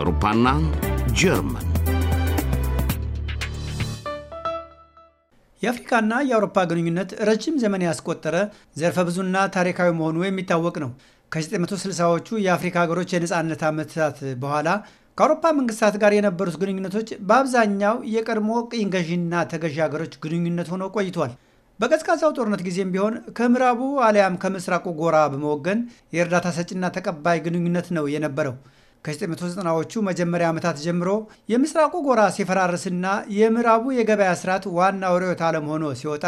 አውሮፓና ጀርመን የአፍሪካና የአውሮፓ ግንኙነት ረጅም ዘመን ያስቆጠረ ዘርፈ ብዙና ታሪካዊ መሆኑ የሚታወቅ ነው። ከ1960ዎቹ የአፍሪካ ሀገሮች የነፃነት ዓመታት በኋላ ከአውሮፓ መንግስታት ጋር የነበሩት ግንኙነቶች በአብዛኛው የቀድሞ ቅኝ ገዢና ተገዢ ሀገሮች ግንኙነት ሆኖ ቆይቷል። በቀዝቃዛው ጦርነት ጊዜም ቢሆን ከምዕራቡ አሊያም ከምስራቁ ጎራ በመወገን የእርዳታ ሰጪና ተቀባይ ግንኙነት ነው የነበረው። ከ1990ዎቹ መጀመሪያ ዓመታት ጀምሮ የምስራቁ ጎራ ሲፈራርስና የምዕራቡ የገበያ ስርዓት ዋና ርዕዮተ ዓለም ሆኖ ሲወጣ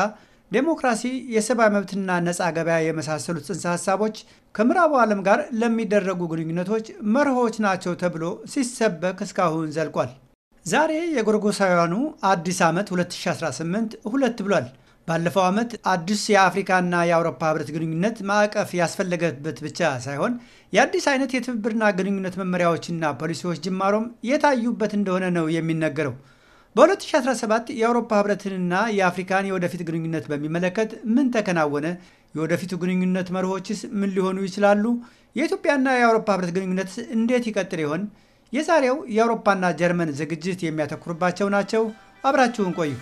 ዴሞክራሲ፣ የሰብአዊ መብትና ነፃ ገበያ የመሳሰሉት ጽንሰ ሀሳቦች ከምዕራቡ ዓለም ጋር ለሚደረጉ ግንኙነቶች መርሆች ናቸው ተብሎ ሲሰበክ እስካሁን ዘልቋል። ዛሬ የጎርጎሳውያኑ አዲስ ዓመት 2018 ሁለት ብሏል። ባለፈው ዓመት አዲስ የአፍሪካና የአውሮፓ ህብረት ግንኙነት ማዕቀፍ ያስፈለገበት ብቻ ሳይሆን የአዲስ አይነት የትብብርና ግንኙነት መመሪያዎችና ፖሊሲዎች ጅማሮም የታዩበት እንደሆነ ነው የሚነገረው። በ2017 የአውሮፓ ህብረትንና የአፍሪካን የወደፊት ግንኙነት በሚመለከት ምን ተከናወነ? የወደፊቱ ግንኙነት መርሆችስ ምን ሊሆኑ ይችላሉ? የኢትዮጵያና የአውሮፓ ህብረት ግንኙነት እንዴት ይቀጥል ይሆን? የዛሬው የአውሮፓና ጀርመን ዝግጅት የሚያተኩርባቸው ናቸው። አብራችሁን ቆዩ።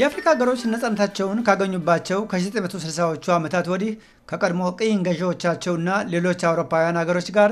የአፍሪካ ሀገሮች ነፃነታቸውን ካገኙባቸው ከ1960ዎቹ ዓመታት ወዲህ ከቀድሞ ቅኝ ገዢዎቻቸውና ሌሎች አውሮፓውያን ሀገሮች ጋር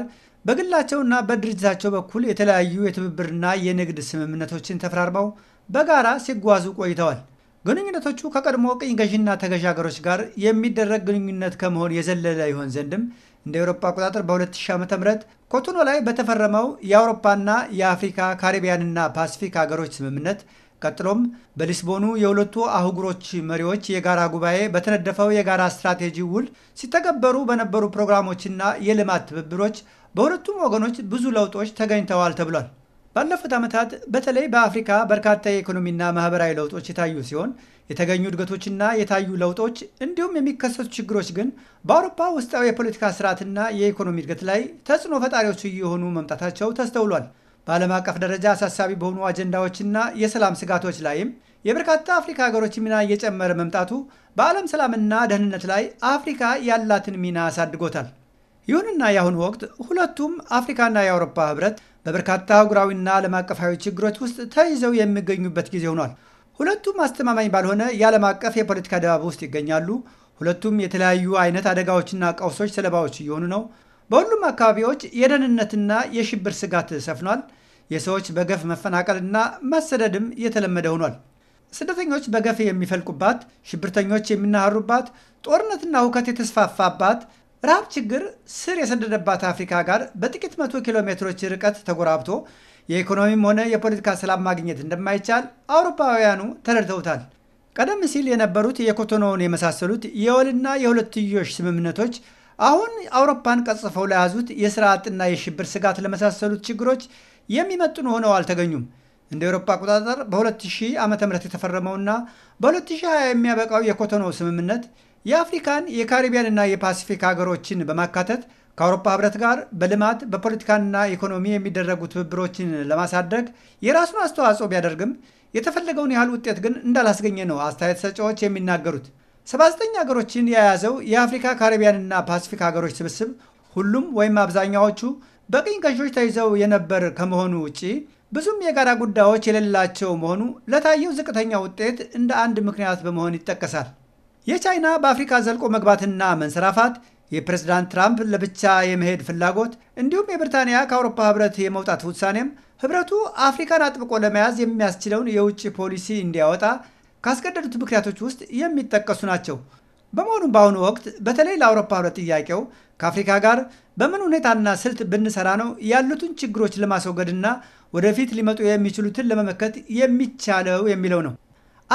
በግላቸውና በድርጅታቸው በኩል የተለያዩ የትብብርና የንግድ ስምምነቶችን ተፈራርመው በጋራ ሲጓዙ ቆይተዋል። ግንኙነቶቹ ከቀድሞ ቅኝ ገዢና ተገዢ ሀገሮች ጋር የሚደረግ ግንኙነት ከመሆን የዘለለ ይሆን ዘንድም እንደ አውሮፓ አቆጣጠር በ2000 ዓ ም ኮቶኖ ላይ በተፈረመው የአውሮፓና የአፍሪካ ካሪቢያንና ፓሲፊክ ሀገሮች ስምምነት ቀጥሎም በሊስቦኑ የሁለቱ አህጉሮች መሪዎች የጋራ ጉባኤ በተነደፈው የጋራ ስትራቴጂ ውል ሲተገበሩ በነበሩ ፕሮግራሞችና የልማት ትብብሮች በሁለቱም ወገኖች ብዙ ለውጦች ተገኝተዋል ተብሏል። ባለፉት ዓመታት በተለይ በአፍሪካ በርካታ የኢኮኖሚና ማህበራዊ ለውጦች የታዩ ሲሆን የተገኙ እድገቶችና የታዩ ለውጦች እንዲሁም የሚከሰቱ ችግሮች ግን በአውሮፓ ውስጣዊ የፖለቲካ ስርዓትና የኢኮኖሚ እድገት ላይ ተጽዕኖ ፈጣሪዎች እየሆኑ መምጣታቸው ተስተውሏል። በዓለም አቀፍ ደረጃ አሳሳቢ በሆኑ አጀንዳዎችና የሰላም ስጋቶች ላይም የበርካታ አፍሪካ ሀገሮች ሚና እየጨመረ መምጣቱ በዓለም ሰላምና ደህንነት ላይ አፍሪካ ያላትን ሚና አሳድጎታል። ይሁንና የአሁኑ ወቅት ሁለቱም አፍሪካና የአውሮፓ ህብረት በበርካታ አህጉራዊና ዓለም አቀፋዊ ችግሮች ውስጥ ተይዘው የሚገኙበት ጊዜ ሆኗል። ሁለቱም አስተማማኝ ባልሆነ የዓለም አቀፍ የፖለቲካ ድባብ ውስጥ ይገኛሉ። ሁለቱም የተለያዩ አይነት አደጋዎችና ቀውሶች ሰለባዎች እየሆኑ ነው። በሁሉም አካባቢዎች የደህንነትና የሽብር ስጋት ሰፍኗል። የሰዎች በገፍ መፈናቀልና መሰደድም የተለመደ ሆኗል። ስደተኞች በገፍ የሚፈልቁባት፣ ሽብርተኞች የሚናሃሩባት፣ ጦርነትና ሁከት የተስፋፋባት፣ ረሃብ ችግር ስር የሰደደባት አፍሪካ ጋር በጥቂት መቶ ኪሎ ሜትሮች ርቀት ተጎራብቶ የኢኮኖሚም ሆነ የፖለቲካ ሰላም ማግኘት እንደማይቻል አውሮፓውያኑ ተረድተውታል። ቀደም ሲል የነበሩት የኮቶኖውን የመሳሰሉት የወልና የሁለትዮሽ ስምምነቶች አሁን አውሮፓን ቀጽፈው ለያዙት የስራ አጥና የሽብር ስጋት ለመሳሰሉት ችግሮች የሚመጥኑ ሆነው አልተገኙም። እንደ አውሮፓ አቆጣጠር በ2000 ዓ ም የተፈረመውና በ2020 የሚያበቃው የኮቶኖ ስምምነት የአፍሪካን የካሪቢያንና የፓሲፊክ ሀገሮችን በማካተት ከአውሮፓ ህብረት ጋር በልማት በፖለቲካና ኢኮኖሚ የሚደረጉ ትብብሮችን ለማሳደግ የራሱን አስተዋጽኦ ቢያደርግም የተፈለገውን ያህል ውጤት ግን እንዳላስገኘ ነው አስተያየት ሰጫዎች የሚናገሩት። 79 ሀገሮችን የያዘው የአፍሪካ ካሪቢያንና ፓሲፊክ ሀገሮች ስብስብ ሁሉም ወይም አብዛኛዎቹ በቅኝ ገዢዎች ተይዘው የነበር ከመሆኑ ውጪ ብዙም የጋራ ጉዳዮች የሌላቸው መሆኑ ለታየው ዝቅተኛ ውጤት እንደ አንድ ምክንያት በመሆን ይጠቀሳል። የቻይና በአፍሪካ ዘልቆ መግባትና መንሰራፋት፣ የፕሬዝዳንት ትራምፕ ለብቻ የመሄድ ፍላጎት እንዲሁም የብሪታንያ ከአውሮፓ ህብረት የመውጣት ውሳኔም ህብረቱ አፍሪካን አጥብቆ ለመያዝ የሚያስችለውን የውጭ ፖሊሲ እንዲያወጣ ካስገደዱት ምክንያቶች ውስጥ የሚጠቀሱ ናቸው። በመሆኑም በአሁኑ ወቅት በተለይ ለአውሮፓ ህብረት ጥያቄው ከአፍሪካ ጋር በምን ሁኔታና ስልት ብንሰራ ነው ያሉትን ችግሮች ለማስወገድና ወደፊት ሊመጡ የሚችሉትን ለመመከት የሚቻለው የሚለው ነው።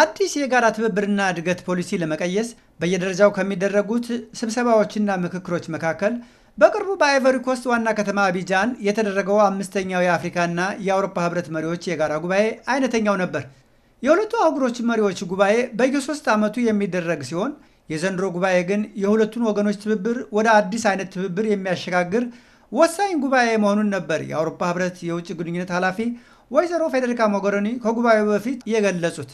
አዲስ የጋራ ትብብርና እድገት ፖሊሲ ለመቀየስ በየደረጃው ከሚደረጉት ስብሰባዎችና ምክክሮች መካከል በቅርቡ በአይቨሪ ኮስት ዋና ከተማ አቢጃን የተደረገው አምስተኛው የአፍሪካና የአውሮፓ ህብረት መሪዎች የጋራ ጉባኤ አይነተኛው ነበር። የሁለቱ አህጉሮች መሪዎች ጉባኤ በየሶስት ዓመቱ የሚደረግ ሲሆን የዘንድሮ ጉባኤ ግን የሁለቱን ወገኖች ትብብር ወደ አዲስ አይነት ትብብር የሚያሸጋግር ወሳኝ ጉባኤ መሆኑን ነበር የአውሮፓ ህብረት የውጭ ግንኙነት ኃላፊ ወይዘሮ ፌዴሪካ ሞገሪኒ ከጉባኤው በፊት የገለጹት።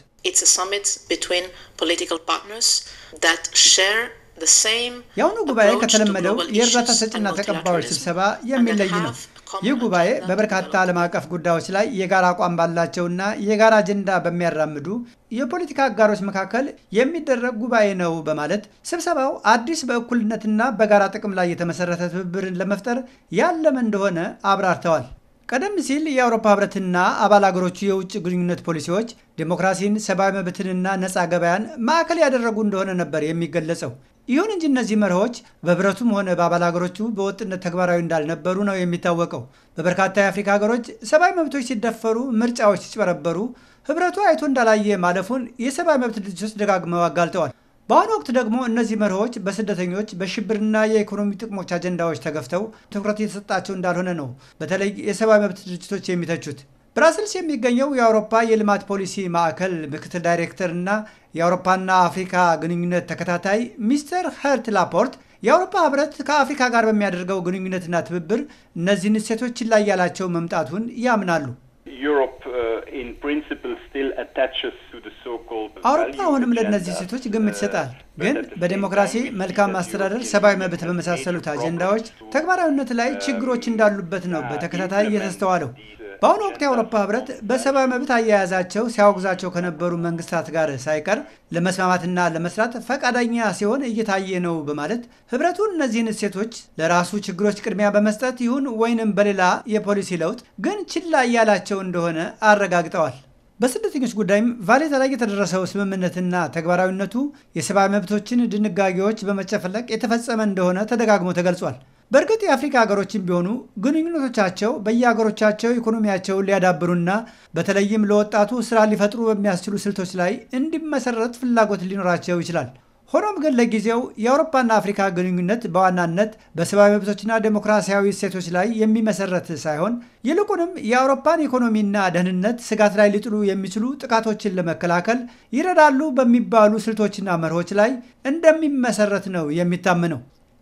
የአሁኑ ጉባኤ ከተለመደው የእርዳታ ሰጪና ተቀባዮች ስብሰባ የሚለይ ነው። ይህ ጉባኤ በበርካታ ዓለም አቀፍ ጉዳዮች ላይ የጋራ አቋም ባላቸውና የጋራ አጀንዳ በሚያራምዱ የፖለቲካ አጋሮች መካከል የሚደረግ ጉባኤ ነው በማለት ስብሰባው አዲስ በእኩልነትና በጋራ ጥቅም ላይ የተመሰረተ ትብብርን ለመፍጠር ያለመ እንደሆነ አብራርተዋል። ቀደም ሲል የአውሮፓ ህብረትና አባል አገሮቹ የውጭ ግንኙነት ፖሊሲዎች ዴሞክራሲን፣ ሰብአዊ መብትንና ነፃ ገበያን ማዕከል ያደረጉ እንደሆነ ነበር የሚገለጸው። ይሁን እንጂ እነዚህ መርሆች በህብረቱም ሆነ በአባል ሀገሮቹ በወጥነት ተግባራዊ እንዳልነበሩ ነው የሚታወቀው። በበርካታ የአፍሪካ ሀገሮች ሰብአዊ መብቶች ሲደፈሩ፣ ምርጫዎች ሲጭበረበሩ ህብረቱ አይቶ እንዳላየ ማለፉን የሰብአዊ መብት ድርጅቶች ደጋግመው አጋልጠዋል። በአሁኑ ወቅት ደግሞ እነዚህ መርሆች በስደተኞች በሽብርና የኢኮኖሚ ጥቅሞች አጀንዳዎች ተገፍተው ትኩረት የተሰጣቸው እንዳልሆነ ነው በተለይ የሰብአዊ መብት ድርጅቶች የሚተቹት። ብራስልስ የሚገኘው የአውሮፓ የልማት ፖሊሲ ማዕከል ምክትል ዳይሬክተር እና የአውሮፓና አፍሪካ ግንኙነት ተከታታይ ሚስተር ኸርት ላፖርት የአውሮፓ ህብረት ከአፍሪካ ጋር በሚያደርገው ግንኙነትና ትብብር እነዚህን እሴቶችን ላይ ያላቸው መምጣቱን ያምናሉ። uh, አውሮፓ አሁንም ለእነዚህ እሴቶች ግምት ይሰጣል፣ uh, ግን በዴሞክራሲ፣ መልካም አስተዳደር፣ ሰብአዊ መብት በመሳሰሉት አጀንዳዎች ተግባራዊነት ላይ ችግሮች እንዳሉበት ነው uh, በተከታታይ እየተስተዋለው። በአሁኑ ወቅት የአውሮፓ ህብረት በሰብአዊ መብት አያያዛቸው ሲያወግዛቸው ከነበሩ መንግስታት ጋር ሳይቀር ለመስማማትና ለመስራት ፈቃደኛ ሲሆን እየታየ ነው በማለት ህብረቱ እነዚህን እሴቶች ለራሱ ችግሮች ቅድሚያ በመስጠት ይሁን ወይንም በሌላ የፖሊሲ ለውጥ ግን ችላ እያላቸው እንደሆነ አረጋግጠዋል። በስደተኞች ጉዳይም ቫሌታ ላይ የተደረሰው ስምምነትና ተግባራዊነቱ የሰብአዊ መብቶችን ድንጋጌዎች በመጨፈለቅ የተፈጸመ እንደሆነ ተደጋግሞ ተገልጿል። በእርግጥ የአፍሪካ ሀገሮችም ቢሆኑ ግንኙነቶቻቸው በየሀገሮቻቸው ኢኮኖሚያቸውን ሊያዳብሩና በተለይም ለወጣቱ ስራ ሊፈጥሩ በሚያስችሉ ስልቶች ላይ እንዲመሰረት ፍላጎት ሊኖራቸው ይችላል። ሆኖም ግን ለጊዜው የአውሮፓና አፍሪካ ግንኙነት በዋናነት በሰብአዊ መብቶችና ዴሞክራሲያዊ እሴቶች ላይ የሚመሰረት ሳይሆን ይልቁንም የአውሮፓን ኢኮኖሚና ደህንነት ስጋት ላይ ሊጥሉ የሚችሉ ጥቃቶችን ለመከላከል ይረዳሉ በሚባሉ ስልቶችና መርሆች ላይ እንደሚመሰረት ነው የሚታመነው።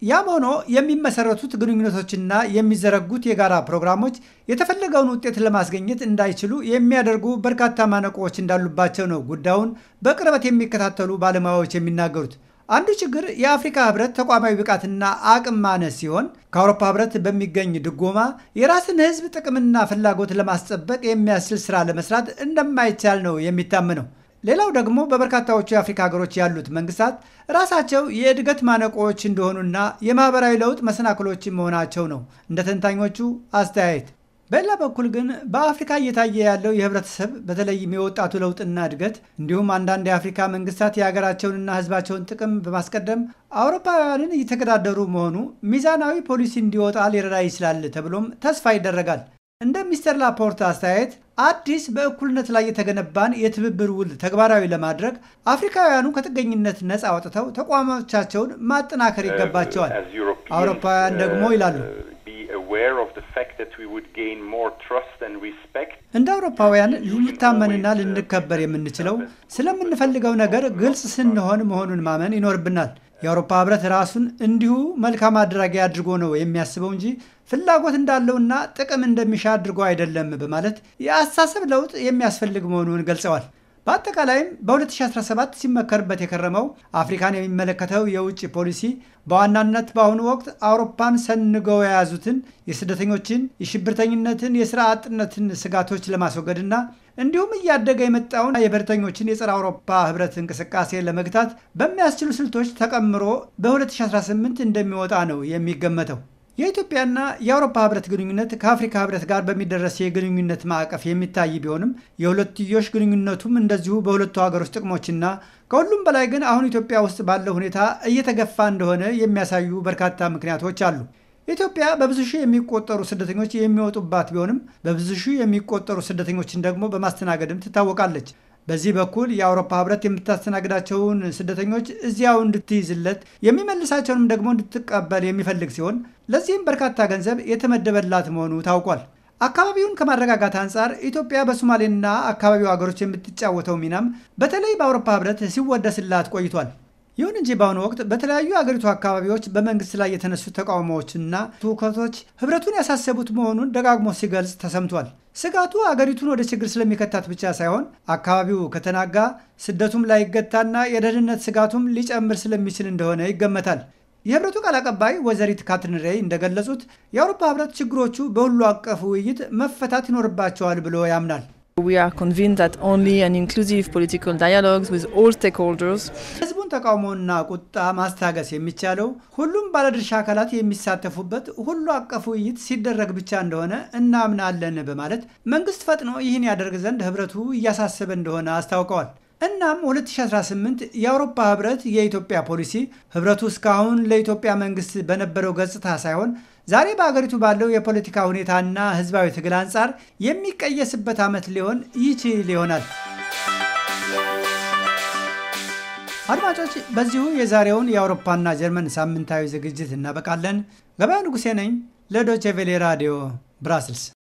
ያም ሆኖ የሚመሰረቱት ግንኙነቶችና የሚዘረጉት የጋራ ፕሮግራሞች የተፈለገውን ውጤት ለማስገኘት እንዳይችሉ የሚያደርጉ በርካታ ማነቆዎች እንዳሉባቸው ነው ጉዳዩን በቅርበት የሚከታተሉ ባለሙያዎች የሚናገሩት። አንዱ ችግር የአፍሪካ ህብረት ተቋማዊ ብቃትና አቅም ማነስ ሲሆን ከአውሮፓ ህብረት በሚገኝ ድጎማ የራስን ህዝብ ጥቅምና ፍላጎት ለማስጠበቅ የሚያስችል ስራ ለመስራት እንደማይቻል ነው የሚታመነው። ሌላው ደግሞ በበርካታዎቹ የአፍሪካ ሀገሮች ያሉት መንግስታት ራሳቸው የእድገት ማነቆዎች እንደሆኑና የማህበራዊ ለውጥ መሰናክሎች መሆናቸው ነው እንደ ተንታኞቹ አስተያየት። በሌላ በኩል ግን በአፍሪካ እየታየ ያለው የህብረተሰብ በተለይም የወጣቱ ለውጥና እድገት እንዲሁም አንዳንድ የአፍሪካ መንግስታት የሀገራቸውንና ህዝባቸውን ጥቅም በማስቀደም አውሮፓውያንን እየተገዳደሩ መሆኑ ሚዛናዊ ፖሊሲ እንዲወጣ ሊረዳ ይችላል ተብሎም ተስፋ ይደረጋል። እንደ ሚስተር ላፖርት አስተያየት አዲስ በእኩልነት ላይ የተገነባን የትብብር ውል ተግባራዊ ለማድረግ አፍሪካውያኑ ከጥገኝነት ነፃ አውጥተው ተቋሞቻቸውን ማጠናከር uh, ይገባቸዋል። አውሮፓውያን ደግሞ uh, ይላሉ እንደ አውሮፓውያን ልንታመንና uh, ልንከበር የምንችለው ስለምንፈልገው ነገር ግልጽ ስንሆን መሆኑን ማመን ይኖርብናል። የአውሮፓ ህብረት ራሱን እንዲሁ መልካም አድራጊ አድርጎ ነው የሚያስበው እንጂ ፍላጎት እንዳለውና ጥቅም እንደሚሻ አድርጎ አይደለም በማለት የአስተሳሰብ ለውጥ የሚያስፈልግ መሆኑን ገልጸዋል። በአጠቃላይም በ2017 ሲመከርበት የከረመው አፍሪካን የሚመለከተው የውጭ ፖሊሲ በዋናነት በአሁኑ ወቅት አውሮፓን ሰንገው የያዙትን የስደተኞችን፣ የሽብርተኝነትን፣ የስራ አጥነትን ስጋቶች ለማስወገድና እንዲሁም እያደገ የመጣውን የበርተኞችን የጸረ አውሮፓ ህብረት እንቅስቃሴ ለመግታት በሚያስችሉ ስልቶች ተቀምሮ በ2018 እንደሚወጣ ነው የሚገመተው። የኢትዮጵያና የአውሮፓ ህብረት ግንኙነት ከአፍሪካ ህብረት ጋር በሚደረስ የግንኙነት ማዕቀፍ የሚታይ ቢሆንም የሁለትዮሽ ግንኙነቱም እንደዚሁ በሁለቱ ሀገሮች ጥቅሞችና ከሁሉም በላይ ግን አሁን ኢትዮጵያ ውስጥ ባለው ሁኔታ እየተገፋ እንደሆነ የሚያሳዩ በርካታ ምክንያቶች አሉ። ኢትዮጵያ በብዙ ሺህ የሚቆጠሩ ስደተኞች የሚወጡባት ቢሆንም በብዙ ሺህ የሚቆጠሩ ስደተኞችን ደግሞ በማስተናገድም ትታወቃለች። በዚህ በኩል የአውሮፓ ህብረት የምታስተናግዳቸውን ስደተኞች እዚያው እንድትይዝለት የሚመልሳቸውንም ደግሞ እንድትቀበል የሚፈልግ ሲሆን ለዚህም በርካታ ገንዘብ የተመደበላት መሆኑ ታውቋል። አካባቢውን ከማረጋጋት አንጻር ኢትዮጵያ በሶማሌና አካባቢው ሀገሮች የምትጫወተው ሚናም በተለይ በአውሮፓ ህብረት ሲወደስላት ቆይቷል። ይሁን እንጂ በአሁኑ ወቅት በተለያዩ አገሪቱ አካባቢዎች በመንግስት ላይ የተነሱ ተቃውሞዎችና ትውከቶች ህብረቱን ያሳሰቡት መሆኑን ደጋግሞ ሲገልጽ ተሰምቷል። ስጋቱ አገሪቱን ወደ ችግር ስለሚከታት ብቻ ሳይሆን አካባቢው ከተናጋ ስደቱም ላይገታና የደህንነት ስጋቱም ሊጨምር ስለሚችል እንደሆነ ይገመታል። የህብረቱ ቃል አቀባይ ወይዘሪት ካትሪን ሬይ እንደገለጹት የአውሮፓ ህብረት ችግሮቹ በሁሉ አቀፍ ውይይት መፈታት ይኖርባቸዋል ብሎ ያምናል። We are convinced that only an inclusive political dialogue with all stakeholders ህዝቡን ተቃውሞና ቁጣ ማስታገስ የሚቻለው ሁሉም ባለድርሻ አካላት የሚሳተፉበት ሁሉ አቀፍ ውይይት ሲደረግ ብቻ እንደሆነ እናምናለን በማለት መንግስት ፈጥኖ ይህን ያደርግ ዘንድ ህብረቱ እያሳሰበ እንደሆነ አስታውቀዋል። እናም 2018 የአውሮፓ ህብረት የኢትዮጵያ ፖሊሲ ህብረቱ እስካሁን ለኢትዮጵያ መንግስት በነበረው ገጽታ ሳይሆን ዛሬ በአገሪቱ ባለው የፖለቲካ ሁኔታና ህዝባዊ ትግል አንጻር የሚቀየስበት ዓመት ሊሆን ይችል ይሆናል። አድማጮች፣ በዚሁ የዛሬውን የአውሮፓና ጀርመን ሳምንታዊ ዝግጅት እናበቃለን። ገበያው ንጉሴ ነኝ ለዶቼ ቬሌ ራዲዮ ብራስልስ።